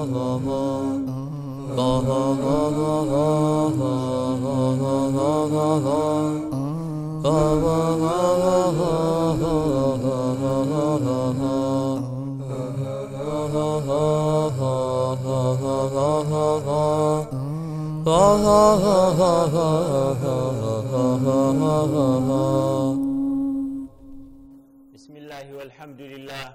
بسم الله والحمد لله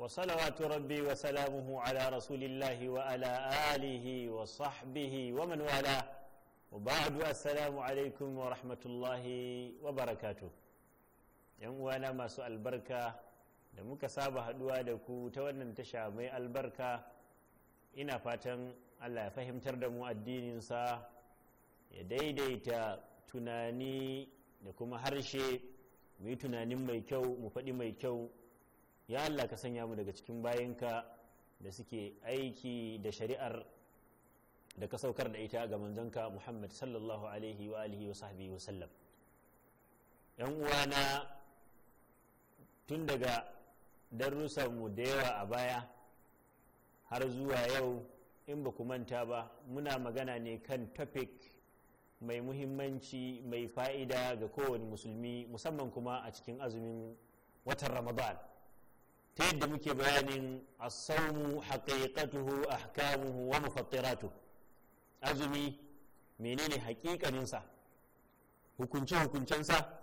وصلوات ربي وسلامه على رسول الله وعلى آله وصحبه ومن wa وبعد السلام عليكم ورحمة الله وبركاته uwana masu albarka da muka saba haɗuwa da ku ta wannan tasha mai albarka ina fatan allah ya fahimtar da mu addininsa ya daidaita tunani da kuma harshe mu yi tunanin mai kyau mu faɗi mai kyau ya Allah ka sanya mu daga cikin bayinka da suke aiki da shari'ar da ka saukar da ita ga manzanka Muhammad sallallahu alaihi wa alihi wa sahbihi wa sallam yan uwana tun daga darussan mu da yawa a baya har zuwa yau in ba ku manta ba muna magana ne kan topic mai muhimmanci mai fa'ida ga kowane musulmi musamman kuma a cikin azumin watan ramadan ta yadda muke bayanin asaumu haƙiƙatuhu ahkamuhu wa mufattiratu azumi menene haƙiƙaninsa hukunce-hukuncensa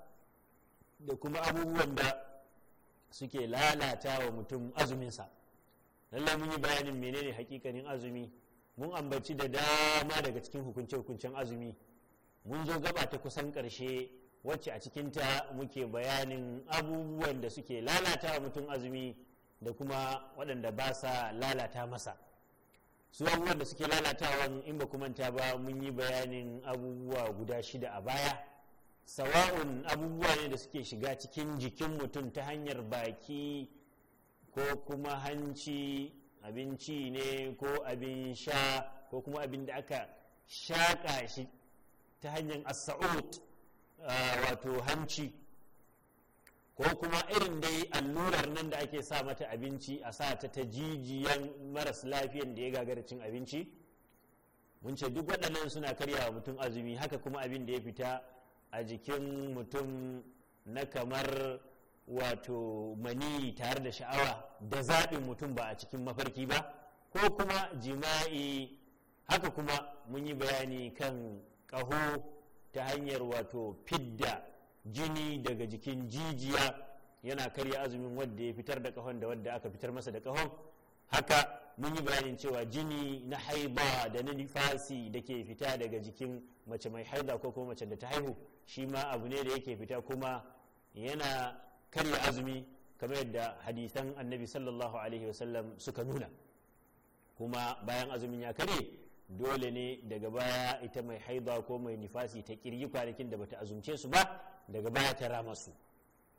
da kuma abubuwan da suke lalata wa mutum azuminsa lallai mun yi bayanin menene hakikanin azumi mun ambaci da dama daga cikin hukunce-hukuncen azumi mun zo gaba ta kusan ƙarshe wacce a cikinta muke bayanin abubuwan da suke lalata mutum azumi da kuma waɗanda ba sa lalata masa su abubuwan da suke lalatawa in ba manta ba mun yi bayanin abubuwa guda shida a baya sawa'un abubuwa ne da suke shiga cikin jikin mutum ta hanyar baki ko kuma hanci abinci ne ko abin sha ko kuma abin da aka shaƙa shi ta hanyar as-sa'ud wato hanci ko kuma irin dai allurar nan da ake sa mata abinci a sa ta ta jijiyan maras lafiyan da ya gagara cin abinci mun ce duk waɗannan suna karya wa mutum azumi haka kuma abin da ya fita a jikin mutum na kamar wato mani tare da sha'awa da zaɓin mutum ba a cikin mafarki ba ko kuma jima'i haka kuma mun yi bayani kan ƙaho ta hanyar wato fidda jini daga jikin jijiya yana karya azumin wadda ya fitar da kahon da wadda aka fitar masa da kahon haka mun yi bayanin cewa jini na haiba da na nifasi da ke fita daga jikin mace mai haida ko kuma mace da ta haihu shi ma abu ne da yake fita kuma yana karya azumi kamar yadda hadisan annabi sallallahu alaihi wasallam suka nuna kuma bayan azumin ya karye dole ne daga baya ita mai haida ko mai nifasi ta kirgi kwanakin da bata azumce su ba daga baya ta rama su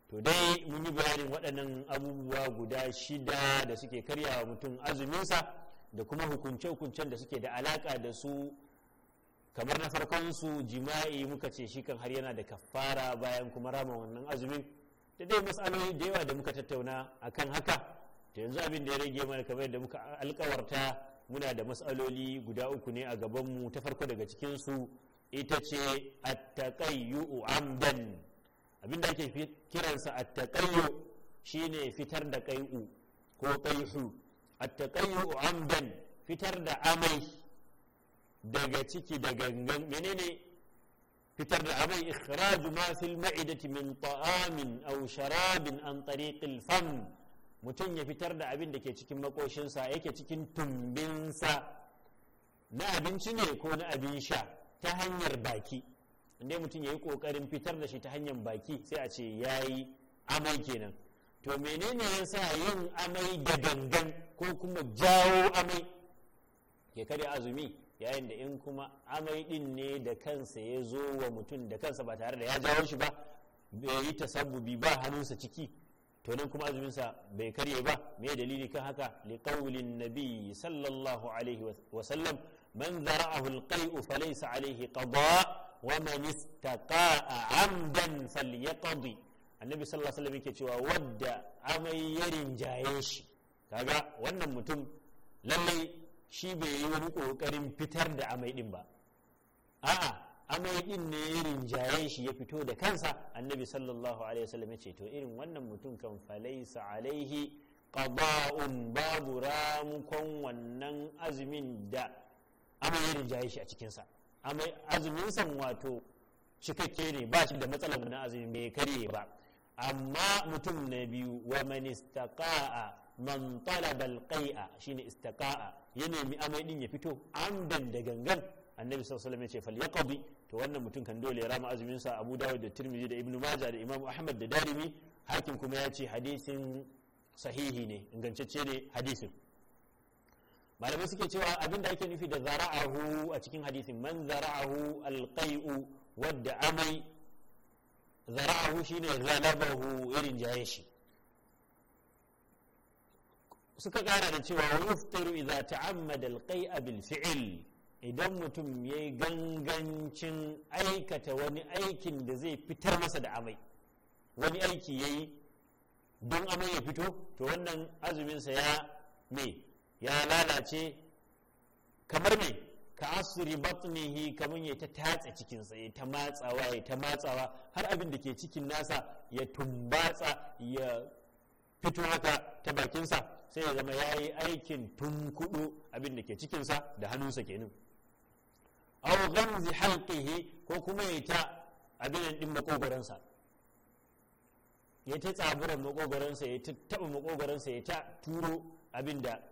to dai mun yi bayanin waɗannan abubuwa guda shida da suke karyawa mutum azuminsa da kuma hukunce-hukuncen da suke da alaka da su kamar na farkon su jima'i muka ce shi kan har yana da kafara bayan kuma rama wannan azumin da dai matsaloli da yawa da muka tattauna akan haka to yanzu abin da ya rage mana kamar yadda muka alkawarta muna da matsaloli guda uku ne a gabanmu ta farko daga cikinsu ita ce attaƙayyu amdan abinda ake kiransa shi shine fitar da ƙai'u ko qaihu attaƙayyu amdan fitar da amai daga ciki da gangan menene fitar da amai ikhraju ma fil ma'idati min ta'amin aw sharabin an tariqil fam mutum ya fitar da abin da ke cikin makoshinsa yake cikin tumbinsa na abinci ne ko na abin sha ta hanyar baki inda mutum ya yi ƙoƙarin fitar da shi ta hanyar baki sai a ce ya yi amai kenan to menene ya sa yin amai da gangan ko kuma jawo amai ke kare azumi yayin da in kuma amai din ne da kansa ya zo wa mutum da kansa ba tare da ya jawo shi ba bai yi tasabbubi ba hannunsa ciki to nan kuma azumin sa bai karye ba me dalili kan haka li qawlin nabi sallallahu alaihi wa sallam man zara'ahu alqai'u falaysa alaihi qada wa man istaqa'a amdan falyaqdi annabi sallallahu alaihi wasallam yake cewa wadda amai ya rinjaye shi kaga wannan mutum lallai shi bai yi wani kokarin fitar da amai din ba a'a amai ɗin ne irin jayen shi ya fito da kansa annabi sallallahu alaihi wasallam ya ce to irin wannan mutum kan falaisa alaihi qada'un babu ramukon wannan azumin da amai ya shi a cikinsa amai azumin san wato cikakke ne ba shi da matsalar na azumin bai karye ba amma mutum na biyu wa man istaqa'a man talaba alqai'a shine istaqa'a ya nemi amai din ya fito amdan da gangan annabi sallallahu alaihi wasallam ya falyaqdi to wannan mutum kan dole ya rama azumin sa Abu Dawud da Tirmidhi da Ibn Majah da Imam Ahmad da Darimi hakim kuma ya ce hadisin sahihi ne ingantacce ne hadisin malamai suke cewa abin da ake nufi da zara'ahu a cikin hadisin man zara'ahu alqai'u wadda amai zara'ahu shine zalabahu irin jaye shi suka kara da cewa yuftaru idza ta'ammada alqai'a bil fi'l idan mutum ya yi gangancin aikata wani aikin da zai fitar masa da amai wani aiki ya yi don amai ya fito to wannan azuminsa ya me ya lalace kamar me ka asiri batnihi kamar ya ta tatsa cikinsa ya ta matsawa ya ta matsawa har abin da ke cikin nasa ya tumbatsa ya fito haka ta bakinsa sai ya zama ya yi aikin kudu abin da ke cikinsa da hannunsa kenan aw ghamzi halqihi ko kuma ya ta abin din makogaransa ya ta tsaburan makogaransa ya ta taba makogaransa ya ta turo abin da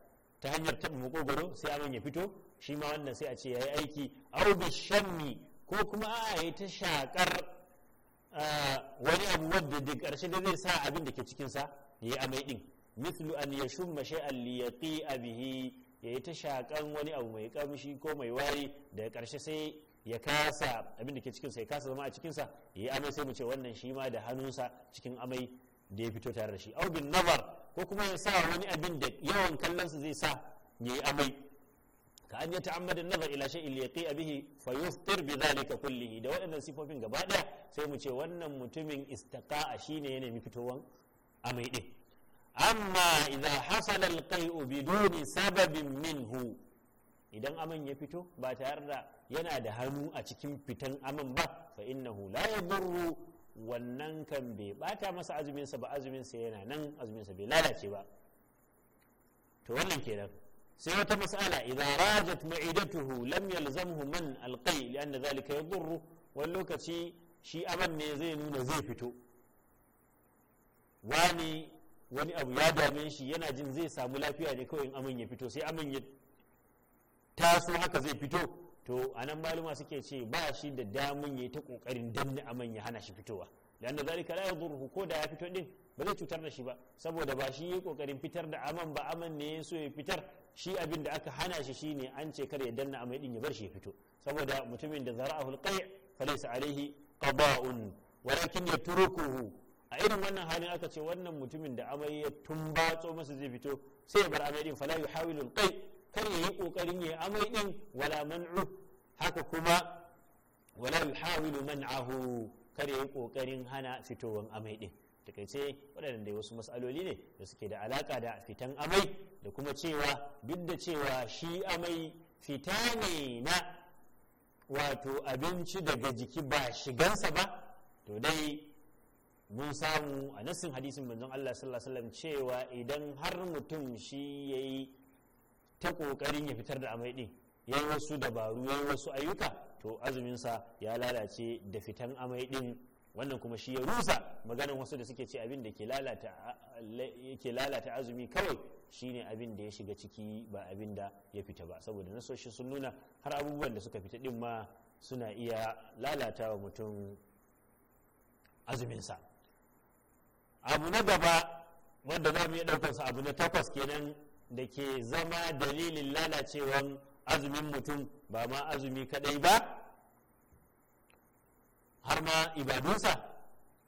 ta hanyar taba makogaro sai abin ya fito shi ma wannan sai a ce ya yi aiki aw bi shanni ko kuma a ya ta shakar wani abu wadda da ƙarshe da zai sa abin da ke cikinsa ya yi amai din mislu an ya shay'an liyaqi bihi ya yi ta shakan wani abu mai kamshi ko mai wari daga karshe sai ya kasa abin da ke cikinsa ya kasa zama a cikinsa ya yi amai sai mu ce wannan shi ma da hannunsa cikin amai da ya fito tare da shi au bin nazar ko kuma ya sa wani abin da yawan kallonsa zai sa ya yi amai ka an ya ta'ammada nazar ila shay'in li yaqi bihi fa yuftir bi dhalika kullihi da waɗannan sifofin gaba ɗaya sai mu ce wannan mutumin istaqa'a shine ya nemi fitowan amai din amma idan hasala alqai'u biduni sababin minhu idan aman ya fito ba tare da yana da hannu a cikin fitan aman ba fa innahu la yadurru wannan kan bai bata masa azumin sa ba azumin sa yana nan azumin sa bai lalace ba to wannan kenan sai wata mas'ala idan rajat ma'idatuhu lam yalzamhu man alqai li'anna dhalika yadurru wani lokaci shi aman ne zai nuna zai fito wani wani abu ya dame shi yana jin zai samu lafiya ne kawai in aman ya fito sai aman ya taso haka zai fito to anan maluma suke ce ba shi da damun yi ta kokarin danne amin ya hana shi fitowa Da landa zalika la yadurruhu ko da ya fito din ba zai cutar da shi ba saboda ba shi yi kokarin fitar da aman ba aman ne ya so ya fitar shi abin da aka hana shi shine an ce kar ya danna amai din ya bar shi ya fito saboda mutumin da zara'ahu alqai' falaysa alaihi qada'un walakin yatrukuhu a irin wannan halin aka ce wannan mutumin da amai ya tumbatso masa zai fito sai ya bar amai din fala yuhawilu alqai kar yayi kokarin yayi amai din wala man'u haka kuma wala yuhawilu man'ahu kar yayi kokarin hana fitowan amai din takaice waɗanda wasu matsaloli ne da suke da alaka da fitan amai da kuma cewa duk da cewa shi amai fita ne na wato abinci daga jiki ba shigansa ba to dai mun samu a nassin hadisin manzon Allah sallallahu alaihi wasallam cewa idan har mutum shi yayi ta kokarin ya fitar da amai din ya wasu dabaru yayi wasu ayyuka to azumin sa ya lalace da fitan amai din wannan kuma shi ya rusa maganar wasu da suke ce abin da ke lalata yake lalata azumi kawai shine abin da ya shiga ciki ba abin da ya fita ba saboda nasoshi sun nuna har abubuwan da suka fita din ma suna iya lalata wa mutum azuminsa abu na gaba wanda za mu yi ɗaukarsa abu na takwas kenan da ke zama dalilin lalacewan azumin mutum ba ma azumi kaɗai ba har ma ibadunsa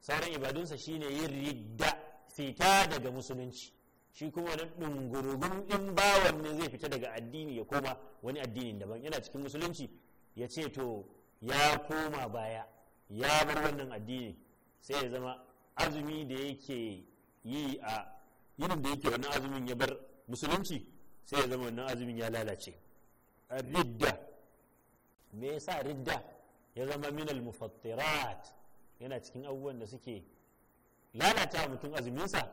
sauran ibadunsa shine yin ridda fita daga musulunci shi kuma wani ɗungurugun ɗin bawan ne zai fita daga addini ya koma wani addinin daban yana cikin musulunci ya ce to ya koma baya ya bar wannan addini sai ya zama azumi da yake yi a yinin da yake wannan azumin ya bar musulunci sai ya zama wannan azumin ya lalace ridda me yasa ridda ya zama minal mufattirat yana cikin abubuwan da suke lalata mutum azuminsa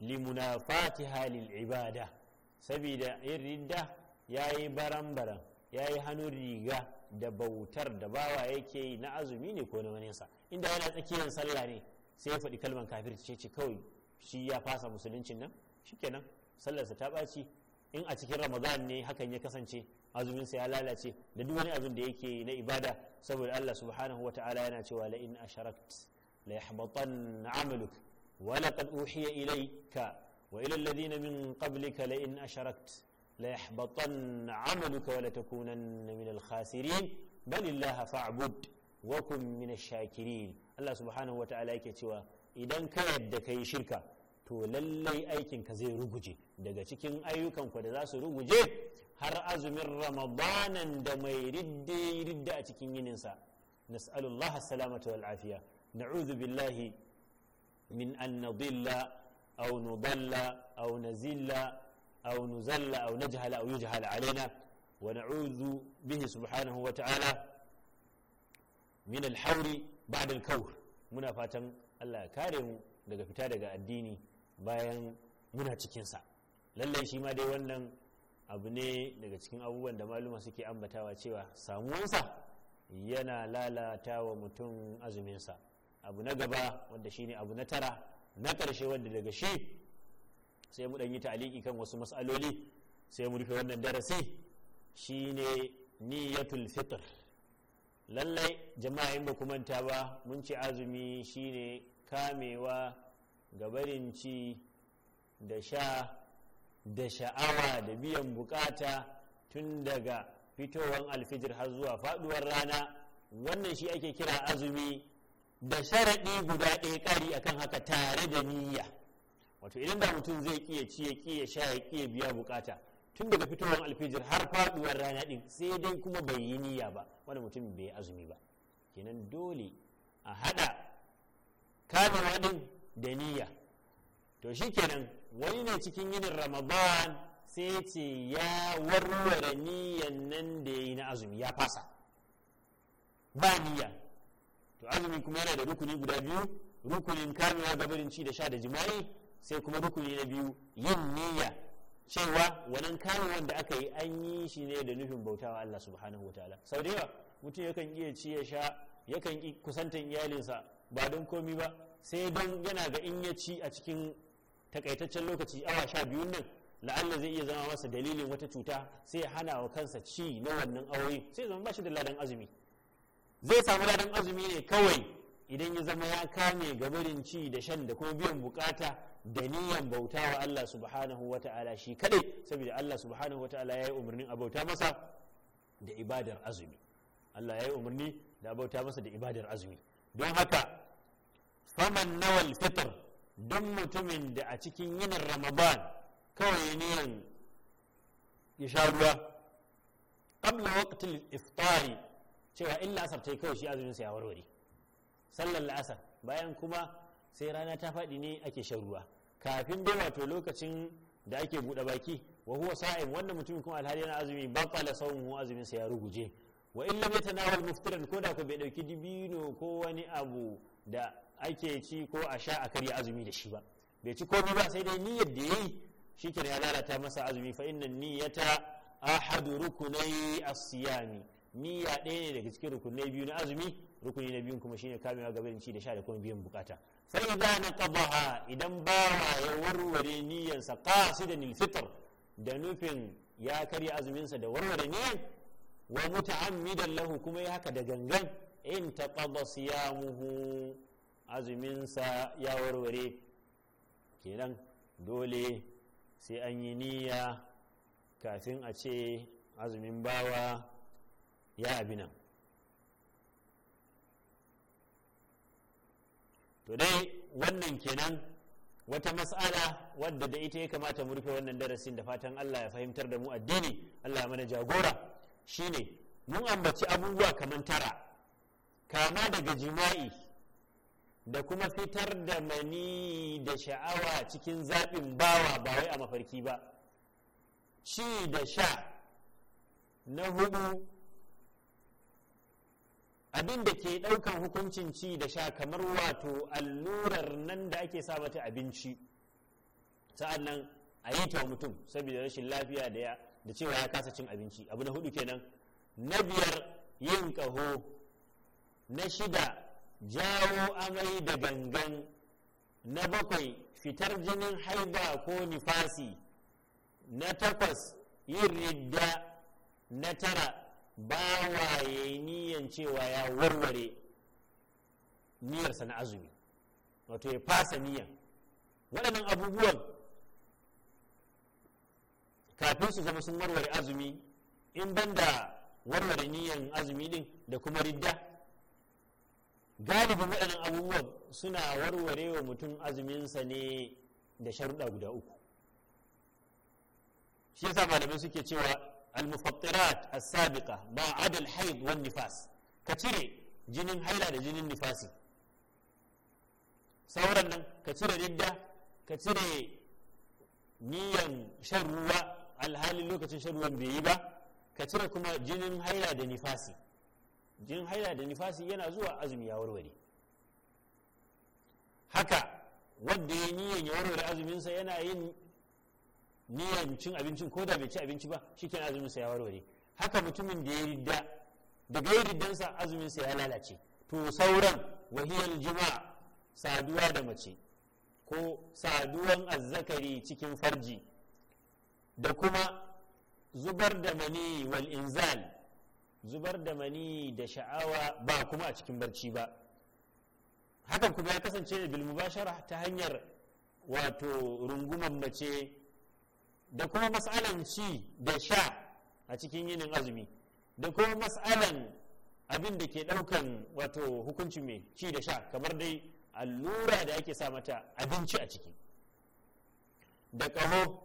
limunafatiha lil ibada saboda yin ridda ya yi baran-baran ya yi hannun riga da bautar da bawa yake yi na azumi ne ko na wani sa inda yana tsakiyar sallah ne sai ya faɗi kalman kafir ce ce kawai shi ya fasa musuluncin nan shikenan sallarsa ta ɓaci in a cikin ramadan ne hakan ya kasance azuminsa ya lalace da duk wani abin da yake na ibada saboda Allah subhanahu wa ta'ala yana cewa la in asharakt la yahbatan amaluk wa laqad uhiya ilayka wa ila alladhina min qablika la in asharakt la yahbatan amaluka wa la min al khasirin bal illaha fa'bud wa kun min ash-shakirin Allah subhanahu wata'ala yake cewa idan ka yadda ka yi shirka to lallai aikin ka zai ruguje daga cikin ayyukan ku da za su ruguje har azumin ramadanan da mai ridde ridda a cikin yininsa nas'alullah salamata wal afiya na'udhu billahi min an nadilla aw nudalla aw nazilla aw nuzalla aw najhala aw yujhala alaina wa na'udhu bihi subhanahu wa ta'ala min alhauri ba'da alkawr muna fatan Allah ya kare mu daga fita daga addini bayan muna cikin sa lalle shi ma dai wannan abu ne daga cikin abubuwan da maluma suke ambatawa cewa samuwansa yana lalata wa mutum azuminsa abu na gaba wanda shine abu na tara na karshe wanda daga shi sai mu yi ta'aliki kan wasu mas'aloli sai mu rufe wannan darasi shine niyatul fitr lallai jama'a in ba ku manta ba mun ci azumi shine kamewa gabarin ci da sha da sha'awa da biyan bukata tun daga fitowar alfijir har zuwa faduwar rana wannan shi ake kira azumi da sharaɗi guda ɗaya ƙari akan haka tare da niyya wato idan ba mutum zai ƙiya ci ya ƙiya sha ya ƙiya biya bukata tun daga fitowar alfijir har faduwar rana din sai dai kuma bai yi niyya ba wanda mutum bai azumi ba kenan dole a hada kamewa din da niyya to kenan wani ne cikin yinin ramadan sai ce ya warware niyyan nan da ya yi na azumi ya fasa ba niyya to azumi kuma yana da rukuni guda biyu rukunin kamewa gabarin ci da sha da jima'i sai kuma rukuni na biyu yin niyya cewa wannan kamun da aka yi an yi shi ne da nufin bautawa Allah subhanahu wataala sau da yawa mutum yakan iya ci ya sha yakan ki kusantan iyalinsa ba don komi ba sai don yana ga in ya ci a cikin takaitaccen lokaci awa sha biyun nan la'alla zai iya zama masa dalilin wata cuta sai ya hana wa kansa ci na wannan aure sai zama bashi da ladan azumi zai samu ladan azumi ne kawai idan ya zama ya kame gabarin ci da shan da kuma biyan bukata da niyan bauta wa Allah subhanahu wa ta'ala shi kadai saboda Allah subhanahu wa ta'ala ya yi umarnin a bauta masa da ibadar azumi Allah ya yi umarni da a bauta masa da ibadar azumi don haka faman nawal fitr don mutumin da a cikin yin ramadan kawai niyan ya sha ruwa qabla waqtil iftari cewa illa asar tai kawai shi azumin sa ya warware sallar la'asar bayan kuma sai rana ta faɗi ne ake shan ruwa kafin dai wato lokacin da ake buɗe baki wa huwa sa'im wannan mutumin kuma alhali yana azumi ba baqala sawmuhu azumin sa ya ruguje wa in lam yatanawal muftiran ko da ko bai dauki dibino ko wani abu da ake ci ko a sha a karya azumi da shi ba bai ci komai ba sai dai niyyar da yayi shikenan ya lalata masa azumi fa inna niyyata ahadu rukunai as-siyami niyya ɗaya ne daga cikin rukunai biyu na azumi rukuni na biyun kuma shine kamewa ga da ci da sha da kuma biyan bukata sai fa na naqadaha idan bawa ya warware niyyarsa qasidan da fitr da nufin ya karya azumin sa da warware niyyar wa muta'ammidan lahu kuma ya haka da gangan in ta taqada siyamuhu azumin sa ya warware kenan dole sai an yi niyya kafin a ce azumin bawa ya abinan to dai wannan kenan wata mas'ala wadda da ita ya kamata mu rufe wannan darasin da fatan Allah ya fahimtar da mu addini Allah ya mana jagora shine mun ambaci abubuwa kamar tara kama daga jima'i da kuma fitar da mani da sha'awa cikin zaɓin bawa ba wai a mafarki ba ci da sha na hudu abin da ke ɗaukan hukuncin ci da sha kamar wato allurar nan da ake sa mata abinci sa'an nan a yi ta mutum saboda rashin lafiya da da cewa ya kasa cin abinci abu na hudu kenan na biyar yin kaho na shida jawo amai da gangan na bakwai fitar jinin haida ko nifasi na takwas yin ridda na tara ba wa ya yi niyan cewa ya warware niyarsa na azumi wato ya fasa niyan waɗannan abubuwan kafin su zama sun warware azumi in banda warware niyan azumi din da kuma ridda galibin waɗannan abubuwan suna warware wa mutum azuminsa ne da sharuɗa guda uku shi yasa malamai suke cewa المفطرات السابقة ما عدا الحيض والنفاس كتير جنين حيلة da jinin nifasi sauran nan ka cire ridda ka cire niyan shan ruwa alhali lokacin shan ruwan bai yi ba ka cire kuma jinin haila da nifasi jinin haila da nifasi yana zuwa azumi ya warware haka wanda ya niyan ya warware azuminsa yana yin niyyar cin abincin ko da bai ci abinci ba shikenan azumin sa ya warware haka mutumin da ya ridda daga ya riddansa azumin sa ya lalace to sauran wahiyar juma saduwa da mace ko saduwan azzakari cikin farji da kuma zubar da mani wal inzal zubar da mani da sha'awa ba kuma a cikin barci ba hakan kuma ya kasance da bilmubashara ta hanyar wato runguman mace da kuma matsalan ci da sha a cikin yinin azumi da kuma mas'alan abin da ke ɗaukan wato hukuncin mai ci da sha kamar dai allura da ake sa mata abinci a ciki da ƙaho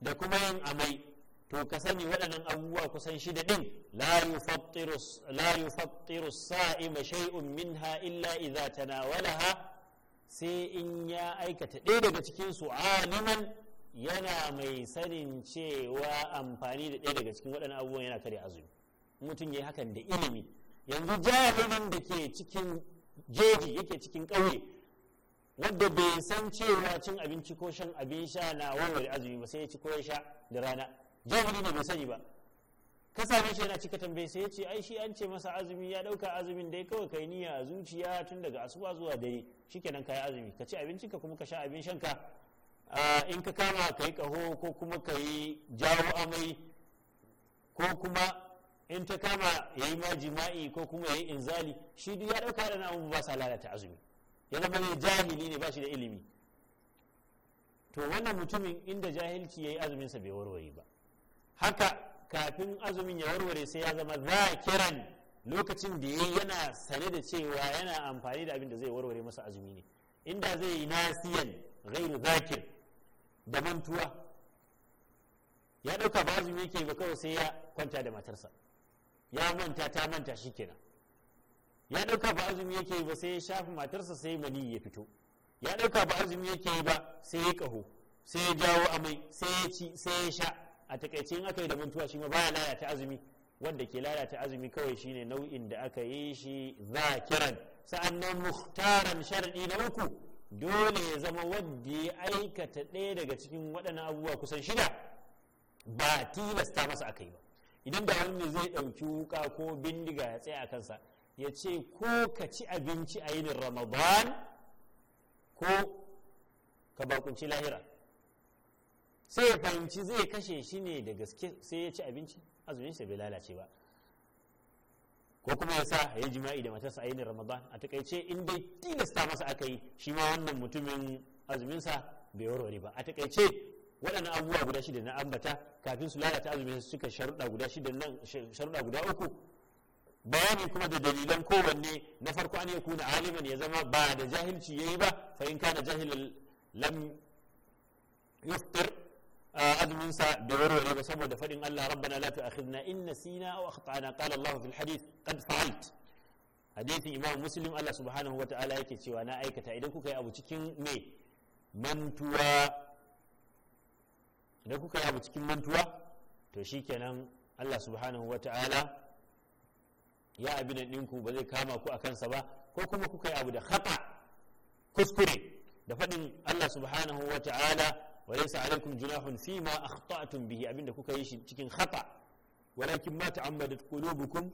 da kuma yin amai to ka sani waɗannan abubuwa kusan shida ɗin la yufattiru sa'ima shay'un minha illa idza tanawalaha sai in ya aikata ɗaya daga cikin su aliman yana mai sanin cewa amfani da ɗaya daga cikin waɗannan abubuwan yana karya azumi mutum ya hakan da ilimi yanzu jami'in da ke cikin jeji yake cikin ƙauye Wadda bai san cewa cin abinci ko shan abin sha na da azumi ba sai ya ci ko ya sha da rana jami'in da bai sani ba ka same shi yana cika tambayi sai ya ce ai shi an ce masa azumi ya ɗauka azumin ya kawai kai niyya zuciya tun daga asuba zuwa dare shikenan kai azumi ka ci abinci ka kuma ka sha abin shan in ka kama ka yi ƙaho ko kuma ka yi jawo amai ko kuma in ta kama ya yi ma jima'i ko kuma ya yi inzali shi duk ya ɗauka da na'amu ba sa lalata azumi ya zama ne jahili ne ba shi da ilimi to wannan mutumin inda jahilci ya yi azuminsa bai warware ba haka kafin azumin ya warware sai ya zama za kiran lokacin da ya yana sane da cewa yana amfani da abin da zai warware masa azumi ne inda zai yi nasiyan ghairu zakir da mantuwa ya dauka ba azumi yake ba kawai sai ya kwanta da matarsa ya manta ta manta shi kenan ya dauka ba azumi yake ba sai ya shafi matarsa sai mani ya fito ya dauka ba azumi yake ba sai ya kaho sai ya jawo amai sai ya ci sai ya sha a takaice in aka yi da mantuwa shi ma baya lalata azumi wanda ke lalata azumi kawai shine nau'in da aka yi shi zakiran sa'annan muhtaran sharadi na uku dole ya zama wadda ya aikata ɗaya daga cikin waɗannan abubuwa kusan shida ba tilasta masa aka yi ba idan da wani zai ɗauki wuka ko bindiga ya tsaya a kansa ya ce ko ka ci abinci a yinin ramadan ko ka bakunci lahira sai ya fahimci zai kashe shi ne da gaske sai ya ci abinci azumin shi bai lalace ba ko kuma ya sa ya jima'i da matarsa a ramadan a takaice in dai tilasta masa aka yi shi ma wannan mutumin azuminsa bai warware ba a takaice waɗannan abubuwa guda shida na ambata kafin su lalata azumin suka sharuɗa guda shida nan sharuɗa guda uku bayani kuma da dalilan kowanne na farko an ya kuna aliman ya zama ba da jahilci ya yi ba fa da kana jahilan lam yuftar azumin sa bai warware ba saboda fadin Allah rabbana la tu'akhidna in nasina aw akhtana qala Allah fil hadith qad fa'alt imam muslim Allah subhanahu wa ta'ala yake cewa na aikata idan kuka yi abu cikin me mantuwa idan kuka yi abu cikin mantuwa to shikenan Allah subhanahu wa ta'ala ya abinan ɗinku ba zai kama ku a kansa ba ko kuma kuka yi abu da khata kuskure da faɗin Allah subhanahu wa ta'ala wa laysa alaykum junahun fi ma akhta'tum bihi abinda kuka yi shi cikin khata walakin ma ta'ammadat qulubukum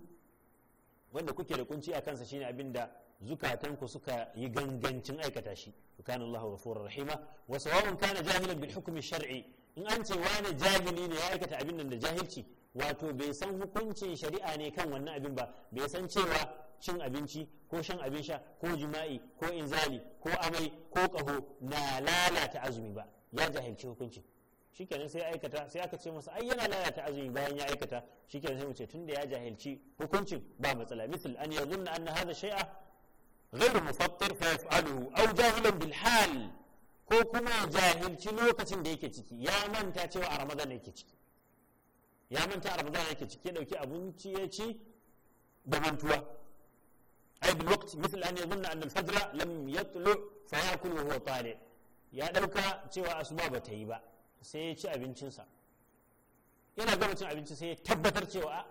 wanda kuke da kunci a kansa abin da zukatanku suka yi gangancin aikata shi kana Allahu ghafurur rahima wa sawa'un kana jahilan bil hukmi shar'i in an ce wani jahili ne ya aikata abin nan da jahilci wato bai san hukuncin shari'a ne kan wannan abin ba bai san cewa cin abinci ko shan abin sha ko jima'i ko inzali ko amai ko ƙaho na lalata azumi ba ya jahilci hukuncin shikenan sai aikata sai aka ce masa ai yana lalata azumi bayan ya aikata shikenan sai mu ce tunda ya jahilci hukuncin ba matsala misal an yazunna anna hadha shay'a ghayr mufattir fa yaf'aluhu aw jahilan bil hal ko kuma jahilci lokacin da yake ciki ya manta cewa a ramadan yake ciki ya manta a ramadan yake ciki ya dauki abinci ya ci da mantuwa ai bil waqt misal an yazunna anna al fajra lam yatlu fa ya'kulu wa huwa tali' ya ɗauka cewa asuba ba ta yi ba sai ya ci abincinsa yana gama cin abinci sai ya tabbatar cewa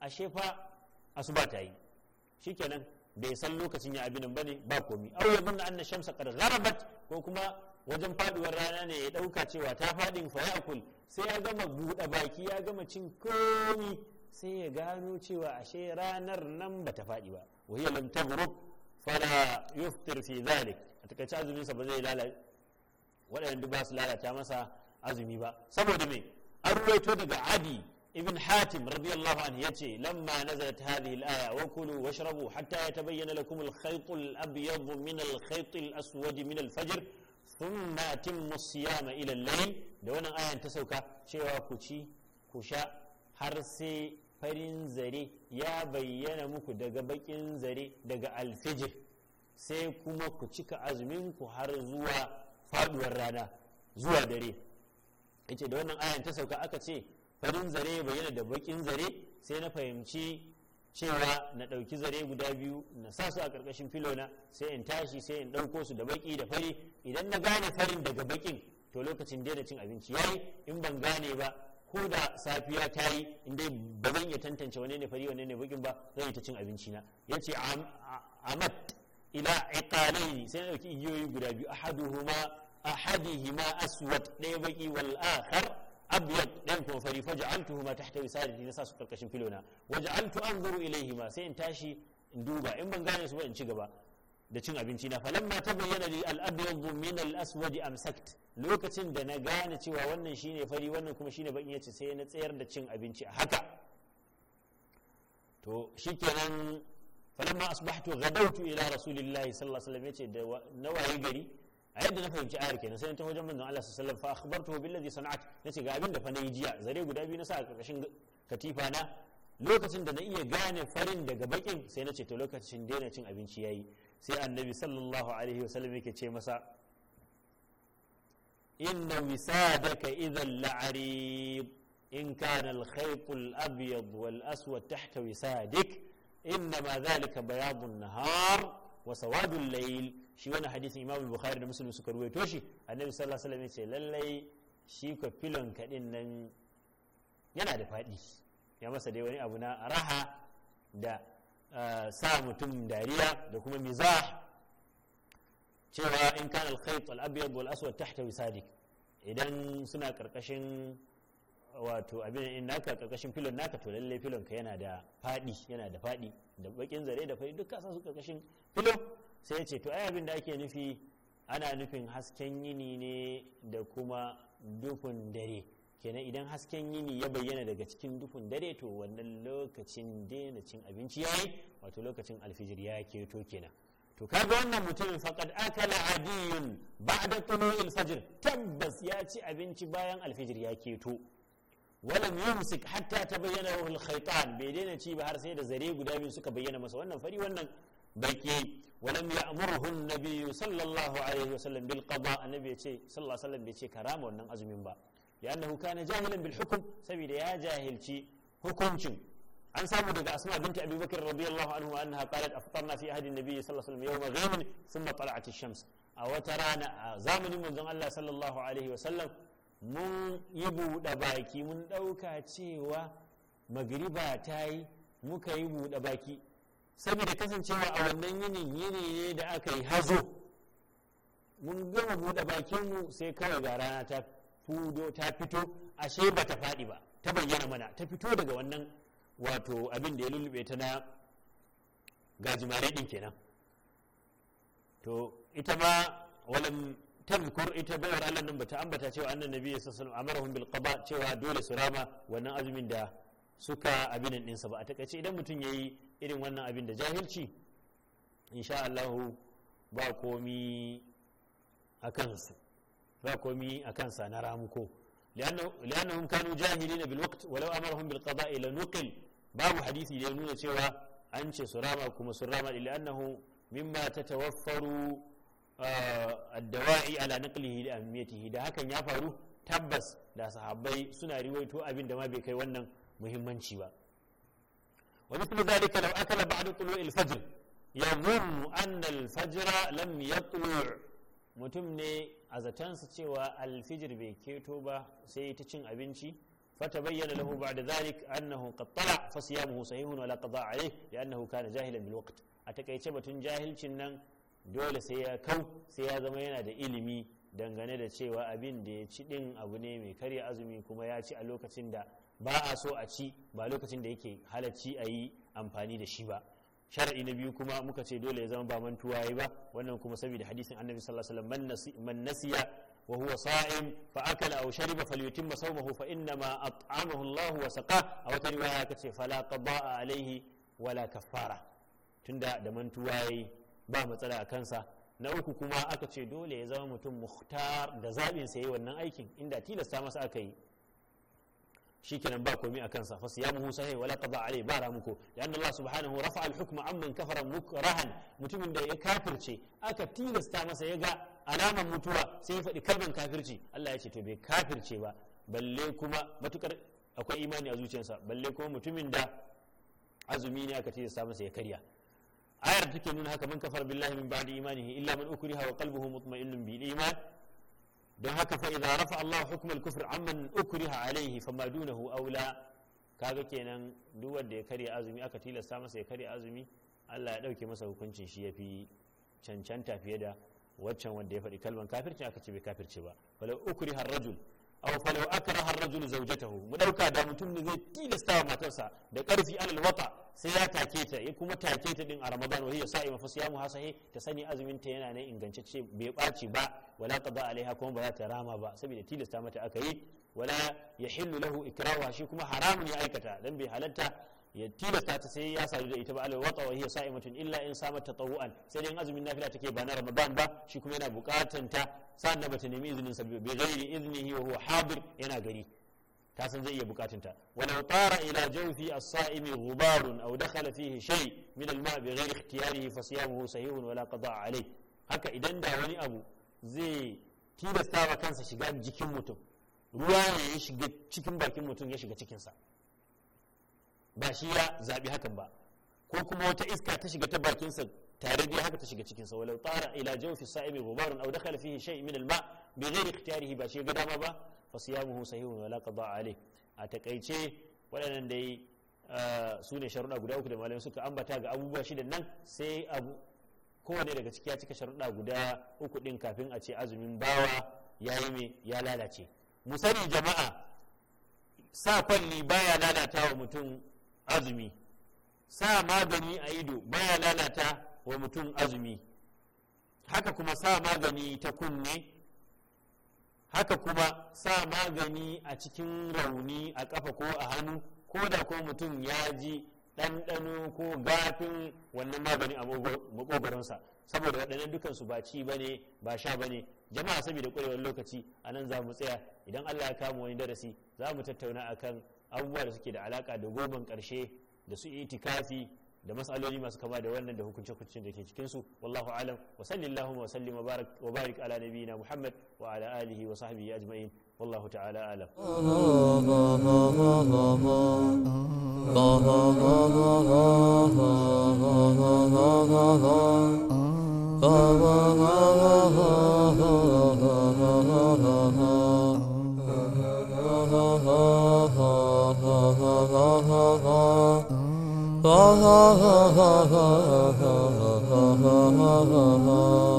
ashe fa asuba ta yi shikenan bai san lokacin ya abinin ne ba komi au ya manna anna shamsa qad gharabat ko kuma wajen faduwar rana ne ya ɗauka cewa ta faɗin fa yakul sai ya gama buɗe baki ya gama cin komi sai ya gano cewa ashe ranar nan ba ta faɗi ba wa hiya lam taghrub fala yuftir fi dhalik a takaice azumin sa ba zai lalace waɗannan duk ba su lalata masa azumi ba saboda me an ruwaito daga adi ibn hatim radiyallahu anhu yace lamma nazalat hadhihi al-aya wa kulu washrabu hatta yatabayyana lakum al-khayt al-abyad min al-khayt al-aswad min al-fajr thumma atimmu as ila al-layl da wannan ayan ta sauka cewa ku ci ku sha har sai farin zare ya bayyana muku daga bakin zare daga alfijir sai kuma ku cika azumin ku har zuwa faduwar rana zuwa dare yace da wannan ayan ta sauka aka ce farin zare bayyana da bakin zare sai na fahimci cewa na ɗauki zare guda biyu na sa su a ƙarƙashin filona sai in tashi sai in ɗauko su da baƙi da fari idan na gane farin daga baƙin to lokacin da cin abinci yayi in ban gane ba ko da safiya ta yi in dai ba zan iya tantance wane ne fari wane ne baƙin ba zan yi ta cin abinci na yace amat ila iqalaihi sai dauki igiyoyi guda biyu ahaduhuma ahadihima aswad ɗaya baki wal akhar abyad ɗayan kuma fari faj'altuhuma tahta wisadati na su karkashin filona waj'altu anzuru ilayhima sai in tashi in duba in ban gane su ba in ci gaba da cin abinci na falamma tabayyana li al-abyad min al-aswad amsakt lokacin da na gane cewa wannan shine fari wannan kuma shine bakin yace sai na tsayar da cin abinci a haka to shikenan falamma asbahtu ghadawtu ila rasulillahi sallallahu alaihi wasallam yace da nawaye gari a yadda na fahimci ayar na sai ta wajen manzon Allah sallallahu alaihi wasallam fa akhbartuhu billadhi sana'at nace ga abin da fa nayi jiya zare guda biyu na sa a karkashin katifa na lokacin da na iya gane farin daga bakin sai na ce to lokacin daina cin abinci yayi sai annabi sallallahu alaihi wasallam yake ce masa inna wisadaka idhan la'arib in kana al-khayt al-abyad wal aswad tahtawi sadiq. innama zalika bayadun nahar wa sawadul shi wannan hadisin Imam Bukhari da Muslim suka ruwaito shi Annabi sallallahu alaihi wasallam ce lallai shi ko filon kadin nan yana da fadi ya masa dai wani abu na raha da sa mutum dariya da kuma mizah cewa in kana al-khayt al-abyad wal aswad tahta idan suna karkashin wato abin in naka karkashin filon naka to lalle filon ka yana da fadi yana da fadi da bakin zare da fadi duk sa su karkashin filo sai ya ce to ai abin da ake nufi ana nufin hasken yini ne da kuma dufin dare kenan idan hasken yini ya bayyana daga cikin dufin dare to wannan lokacin daina cin abinci yayi wato lokacin alfijir ya keto kenan to kaga wannan mutumin faqad akala adiyun ba'da tulu'il fajr tabbas ya ci abinci bayan alfijir ya keto walam yumsik hatta tabayyana lahu al-khaytan bai daina ci ba har sai da zare guda biyu suka bayyana masa wannan fari wannan baki walam ya'muruhu an-nabiy sallallahu alaihi wasallam bil qada annabi yace sallallahu alaihi karama wannan azumin ba li'annahu kana jahilan bil hukm saboda ya jahilci hukuncin an samu daga asma binti abubakar bakr radiyallahu anhu annaha qalat aftarna fi ahdi an-nabiy sallallahu alaihi wasallam yawma ghamin thumma tala'at ash-shams a wata rana a zamanin manzon Allah sallallahu mun yi buɗe baki mun ɗauka cewa magriba ta yi muka yi buɗe baki saboda kasancewa a wannan yinin yini ne da aka yi hazo mun gama buɗe bakinmu sai kawai ga rana ta fudo ta fito ashe ba ta faɗi ba ta bayyana mana ta fito daga wannan wato abin da ya lulluɓe ta na gajimare ɗin kenan to ita ma walam tazkur ita bayar Allah nan bata ambata cewa annan nabi sallallahu alaihi wasallam bil qaba cewa dole su rama wannan azumin da suka abin din sa ba a takaice idan mutum yayi irin wannan abin da jahilci insha Allah ba komi a kansu ba komi a kansa na ramuko لأنهم كانوا جاهلين بالوقت ولو أمرهم بالقضاء لنقل باب حديث ينون سوى أنش سرامة كما سرامة لأنه مما تتوفر addawa'i ala naqlihi da ahmiyatihi da hakan ya faru tabbas da sahabbai suna riwayato abin da ma bai kai wannan muhimmanci ba wa mithlu dhalika law akala ba'du tulu'i al-fajr yamum an al-fajr lam yatlu' mutum ne a sa cewa al-fajr bai keto ba sai ta cin abinci fata bayyana lahu ba'da zalik annahu qad tala fa siyamuhu sahihun wa la qada'a alayhi li kana jahilan bil waqt a takaice batun jahilcin nan dole sai ya kau sai ya zama yana da ilimi dangane da cewa abin da ya ci din abu ne mai karya azumi kuma ya ci a lokacin da ba a so a ci ba lokacin da yake halacci a yi amfani da shi ba shar'i na biyu kuma muka ce dole ya zama ba mantuwa ba wannan kuma saboda hadisin annabi sallallahu alaihi wasallam man nasiya wa huwa sa'im fa akala aw shariba falyutimma sawmahu fa inna ma at'amahu Allah wa saqa a wata riwaya kace fala qada'a alaihi wala kaffara tunda da mantuwa ba matsala a kansa na uku kuma aka ce dole ya zama mutum muhtar da zaɓin sa yi wannan aikin inda tilasta masa aka yi shikenan ba komai a kansa fa siyamuhu sahih wala qada alai ba ramuko dan Allah subhanahu rafa al hukma amman kafara mukrahan mutumin da ya kafirce aka tilasta masa ya ga alaman mutuwa sai ya faɗi kalban kafirci Allah ya ce to bai kafirce ba balle kuma matukar akwai imani a zuciyarsa balle kuma mutumin da azumi ne aka tilasta masa ya karya ayar take nuna haka man kafar billahi min ba'di imanihi illa man ukriha wa qalbuhu mutma'innun bil iman don haka fa idza rafa Allah hukm al kufr amman ukriha alayhi fama dunahu aula kaga kenan duk wanda ya karya azumi aka tilasta masa ya karya azumi Allah ya dauke masa hukuncin shi yafi cancanta fiye da waccan wanda ya faɗi kalman kafirci aka ce bai kafirce ba wala ukriha rajul aw falau akraha ar-rajulu zawjatahu mu ɗauka da mutum ne zai tilasta wa matarsa da ƙarfi alal wata sai ya take ta ya kuma take ta ɗin a ramadan wa hiya sa'ima fa yamu hasahi ta sani azumin ta yana nan ce bai baci ba wala qada alaiha kuma ba ta rama ba saboda tilasta mata aka yi wala yahillu lahu ikrahu shi kuma haramun ya aikata dan bai halarta. ya tilasta ta sai ya sadu da ita ba alai wata wahiya sa'imatun illa in samat tatawuan sai dai azumin nafila take ba na ramadan ba shi kuma yana bukatan ta sannan bata nemi izinin sa bi ghairi iznihi wa huwa hadir yana gari ta san zai iya bukatun ta walau tara ila jawfi as-sa'imi ghubarun aw dakhala fihi shay min al-ma' bi ghairi ikhtiyarihi fa siyamuhu sahihun wala qada' alai haka idan da wani abu zai tilasta wa kansa shiga jikin mutum ruwa ne ya shiga cikin bakin mutum ya shiga cikinsa ba shi ya zaɓi hakan ba ko kuma wata iska ta shiga ta bakinsa tare da haka ta shiga cikin sa walau tara ila jawfi sa'ibi ghubarun aw dakhala fihi shay'in min al-ma bi ghairi ikhtiyarihi ba shi ga dama ba fa siyamuhu sahihun wala qada alayh a takaice waɗannan yi ah, su ne sharuɗa guda uku da malamai suka ambata ga abubuwa shida nan sai abu kowane daga ciki ya cika sharuɗa guda uku ɗin kafin a ce azumin bawa ya yi me ya lalace mu sani jama'a sa kwalli baya lalata wa mutum azumi sa magani a ido baya lalata wa mutum azumi haka kuma sa magani ta kunne haka kuma sa magani a cikin rauni a ƙafa ko a hannu ko da ko mutum ya ji ɗanɗano ko gafin wannan magani a maƙogaronsa saboda waɗannan dukansu ba ci ba ne ba sha ba ne jama'a saboda ƙwarewar lokaci a nan za mu tsaya idan allah ya kama wani darasi za mu tattauna akan abubuwa da suke da alaka da goman karshe da su itikafi da masaloli masu kama da wannan da hukunce hukuncin da ke cikin su wallahu alam wa sallallahu wa sallim wa barik ala nabiyina muhammad wa ala alihi wa sahbihi ajma'in wallahu ta'ala alam Oh, ha